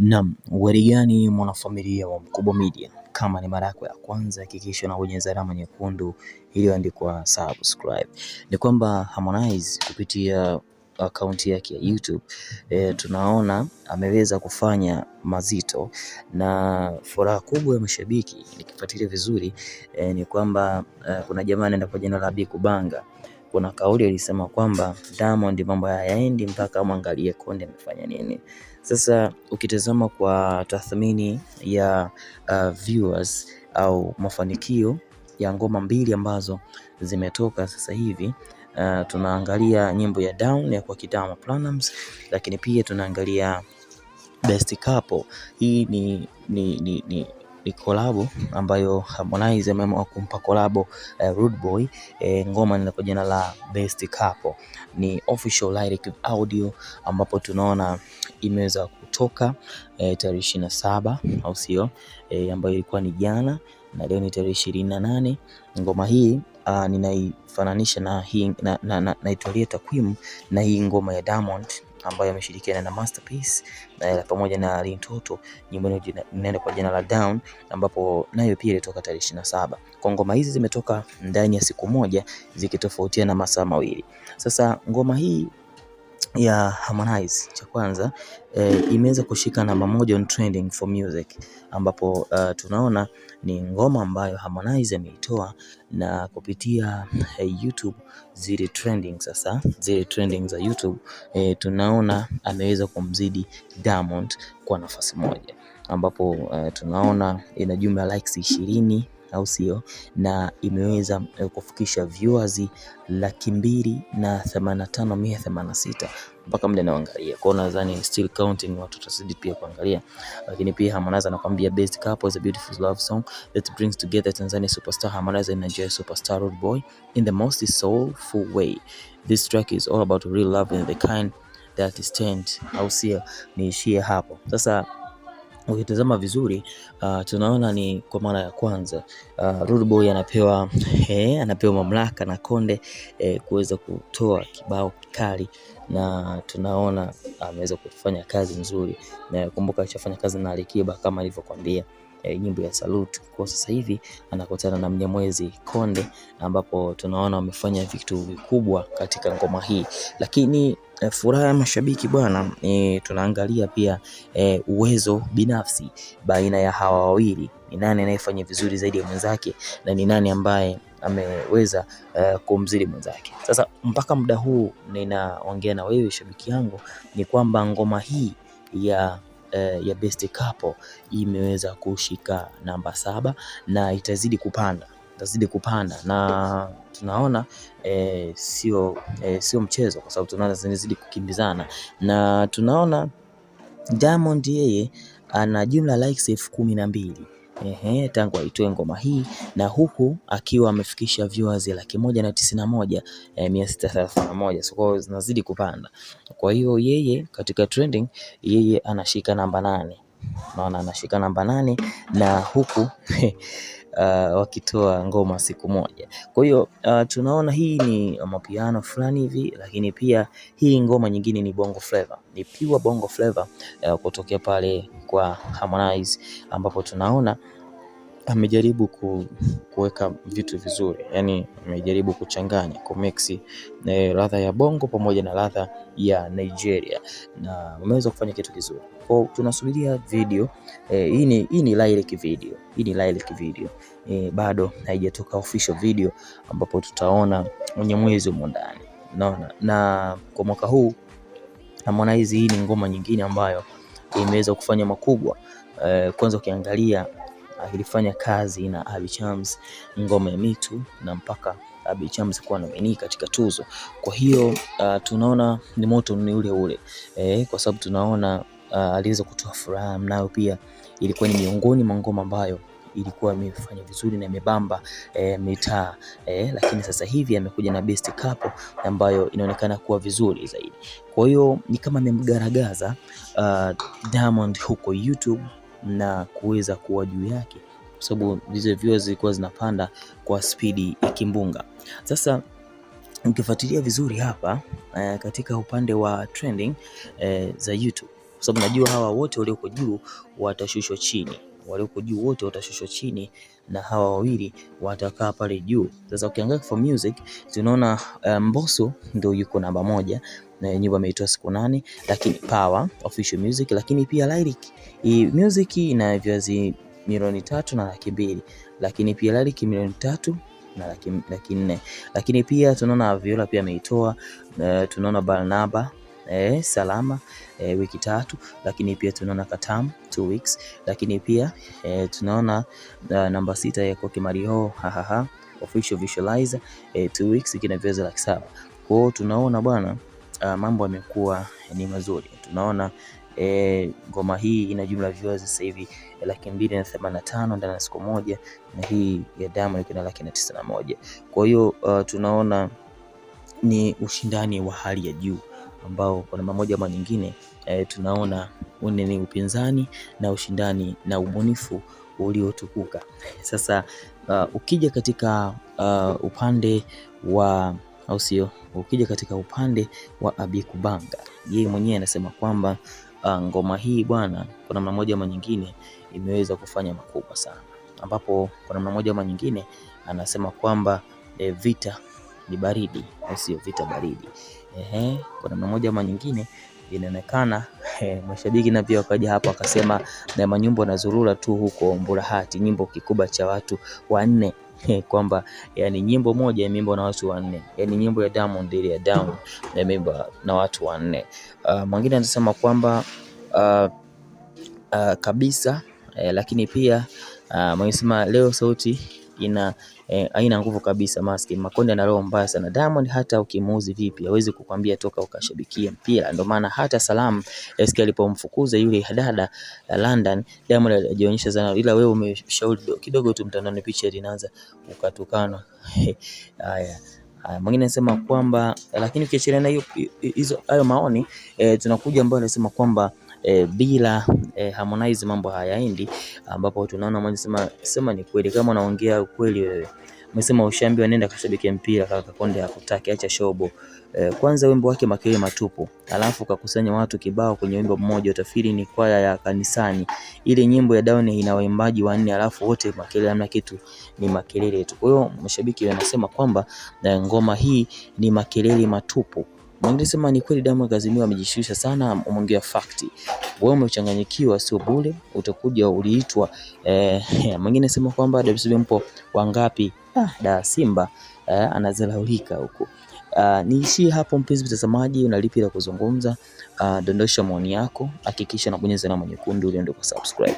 Naam, warigani gani mwanafamilia wa Mkubwa Media? Kama ni mara yako ya kwanza hakikisha unabonyeza alama nyekundu iliyoandikwa subscribe. Ni kwamba Harmonize kupitia akaunti yake ya YouTube e, tunaona ameweza kufanya mazito na furaha kubwa ya mashabiki. Nikifuatilia vizuri e, ni kwamba e, kuna jamaa anaenda kwa jina la Bikubanga kuna kauli ilisema kwamba Diamond mambo hayaendi mpaka mwangalie Konde amefanya nini. Sasa ukitazama kwa tathmini ya uh, viewers au mafanikio ya ngoma mbili ambazo zimetoka sasa hivi uh, tunaangalia nyimbo ya Down ya kwa Kidama Platnumz, lakini pia tunaangalia Best Couple. Hii ni, ni, ni, ni ni kolabo ambayo Harmonize ameamua kumpa kolabo eh, Rude Boy eh, ngoma ni kwa jina la Best Couple. Ni official lyric audio ambapo tunaona imeweza kutoka eh, tarehe ishirini na saba au sio eh, ambayo ilikuwa ni jana na leo ni tarehe ishirini na nane. Ngoma hii ah, ninaifananisha na, na, na, na, naitwalia takwimu na hii ngoma ya Diamond ambayo ameshirikiana na Masterpiece na eh, pamoja na lintoto Mtoto, nyimbo inaenda kwa jina la Down, ambapo nayo pia ilitoka tarehe ishirini na saba. Kwa ngoma hizi zimetoka ndani ya siku moja zikitofautiana masaa mawili. Sasa ngoma hii ya Harmonize cha kwanza e, imeweza kushika namba moja on trending for music, ambapo uh, tunaona ni ngoma ambayo Harmonize ameitoa na kupitia hey, eh, YouTube zile trending sasa, zile trending za YouTube e, tunaona ameweza kumzidi Diamond kwa nafasi moja ambapo uh, tunaona ina jumla likes ishirini au sio? Na imeweza eh, kufikisha viewers laki mbili na themanini na tano mia themanini na sita mpaka mle naangalia kwao, nadhani still counting, watu tutazidi pia kuangalia. Lakini pia Harmonize anakuambia best couple is a beautiful love song that brings together Tanzania superstar Harmonize and Nigeria superstar Rude Boy in the most soulful way. This track is all about real love and the kind that is stand. Au sio? Niishie hapo sasa. Ukitazama vizuri uh, tunaona ni kwa mara ya kwanza uh, Rude Boy anapewa eh, anapewa mamlaka na Konde eh, kuweza kutoa kibao kikali, na tunaona ameweza uh, kufanya kazi nzuri, na kumbuka alichofanya kazi na Alikiba kama alivyokuambia eh, nyimbo ya Salute. Kwa sasa hivi anakutana na Mnyamwezi Konde, ambapo tunaona wamefanya vitu vikubwa katika ngoma hii, lakini e, furaha ya mashabiki bwana e, tunaangalia pia e, uwezo binafsi baina ya hawa wawili, ni nani anayefanya vizuri zaidi ya mwenzake na ni nani ambaye ameweza uh, kumzidi mwenzake. Sasa mpaka muda huu ninaongea na wewe shabiki yangu, ni kwamba ngoma hii ya uh, ya best couple imeweza kushika namba saba na itazidi kupanda itazidi kupanda na tunaona e, sio e, sio mchezo, kwa sababu tunaona zinazidi kukimbizana na tunaona Diamond yeye ana jumla likes elfu kumi na mbili ehe, tangu aitoe ngoma hii na huku akiwa amefikisha viewers laki moja na tisini na moja e, mia sita thelathini na moja so zinazidi kupanda. Kwa hiyo yeye katika trending, yeye anashika namba nane naona anashika namba nane na huku Uh, wakitoa ngoma siku moja. Kwa hiyo uh, tunaona hii ni mapiano fulani hivi, lakini pia hii ngoma nyingine ni bongo flava, ni piwa bongo flava uh, kutokea pale kwa Harmonize, ambapo tunaona amejaribu kuweka vitu vizuri, yani amejaribu kuchanganya kumix eh, ladha ya bongo pamoja na ladha ya Nigeria, na umeweza kufanya kitu kizuri. Kwa tunasubiria video e, hii ni hii ni lilac video, hii ni lilac video e, bado haijatoka official video ambapo tutaona mwezi humo ndani naona, na kwa mwaka huu na hizi hii ni ngoma nyingine ambayo imeweza kufanya makubwa e, kwanza ukiangalia ah, ilifanya kazi na Abby Chams ngoma ya mitu na mpaka Abby Chams kuwa nomini katika tuzo. Kwa hiyo uh, tunaona ni moto ni ule ule eh, kwa sababu tunaona uh, aliweza kutoa furaha mnayo. Pia ilikuwa ni miongoni mwa ngoma ambayo ilikuwa imefanya vizuri na imebamba e, mitaa e, lakini sasa hivi amekuja na best couple ambayo inaonekana kuwa vizuri zaidi. Kwa hiyo ni kama amemgaragaza uh, Diamond huko YouTube na kuweza kuwa juu yake, kwa sababu hizo views zilikuwa zinapanda kwa spidi ya kimbunga. Sasa ukifuatilia vizuri hapa uh, katika upande wa trending uh, za YouTube kwa sababu najua hawa wote walioko juu watashushwa chini, walioko juu wote watashushwa chini na hawa wawili watakaa pale juu. Sasa ukiangalia for music tunaona eh, Mbosso ndio yuko namba moja na nyimbo ameitoa siku nane, lakini Power official music, lakini pia Lyric music ina viazi milioni tatu na laki mbili lakini pia Lyric milioni tatu na laki nne lakini pia tunaona Viola pia ameitoa, eh, tunaona Barnaba e, salama e, wiki tatu, lakini pia tunaona Katamu two weeks, lakini pia e, tunaona uh, namba sita ya Koke Mariho hahaha official visualizer e, two weeks ikina vigezo laki saba. Kwa hiyo tunaona bwana uh, mambo yamekuwa ni mazuri, tunaona ngoma hii ina jumla viewers sasa hivi laki mbili na themanini na tano ndani ya siku moja, na hii ya Diamond kuna laki na tisini na moja. Kwa hiyo uh, tunaona ni ushindani wa hali ya juu ambao kwa namna moja ama nyingine e, tunaona une ni upinzani na ushindani na ubunifu uliotukuka. Sasa uh, ukija katika uh, upande wa au sio, ukija katika upande wa Abikubanga, yeye mwenyewe anasema kwamba uh, ngoma hii bwana, kwa namna moja ama nyingine imeweza kufanya makubwa sana, ambapo kwa namna moja ama nyingine anasema kwamba e, vita ni baridi au sio, vita baridi ehe, kwa namna moja ama nyingine inaonekana eh, mashabiki na pia wakaja hapa wakasema manyumbo na anazurura tu huko Mburahati, nyimbo kikubwa cha watu wanne eh, kwamba yani nyimbo moja imeimbwa na watu wanne, yani nyimbo ya Diamond ile ya Diamond imeimbwa na watu wanne. Uh, mwingine anasema kwamba uh, uh, kabisa eh, lakini pia uh, msema leo sauti ina eh, nguvu kabisa maski. Makonde ana roho mbaya sana. Diamond hata ukimuuzi vipi hawezi kukwambia toka ukashabikia mpira. Ndio maana hata Salam SK alipomfukuza yule dada eh, London, Diamond alijionyesha sana, ila wewe umeshauri kidogo tu mtandaoni, picha inaanza kukatukana. Haya. Mwingine anasema kwamba lakini ukiachana na hiyo hizo hayo maoni e, tunakuja ambayo anasema kwamba e, bila e, Harmonize mambo hayaendi, ambapo tunaona mmoja sema sema ni kweli, kama unaongea ukweli wewe umesema ushaambiwa nenda kashabikia mpira kaka Konde hakutaki, acha shobo. E, kwanza wimbo wake makelele matupu, alafu kakusanya watu kibao kwenye wimbo mmoja, utafiri ni kwaya ya kanisani. Ile nyimbo ya Down ina waimbaji wanne, alafu wote makelele, hamna kitu, ni makelele tu. Kwa hiyo mashabiki wanasema kwamba e, ngoma hii ni makelele matupu. Mwingine sema ni kweli Diamond Kazimia amejishusha sana, umeongea fakti. Wewe umechanganyikiwa, sio bure, utakuja uliitwa. Eh, mwingine sema kwamba WCB mpo wangapi? Ah, da Simba eh, anazalaulika huko. Ah, niishie hapo mpenzi mtazamaji, lipi la kuzungumza? Ah, dondosha maoni yako, hakikisha unabonyeza alama nyekundu ili ndio kusubscribe.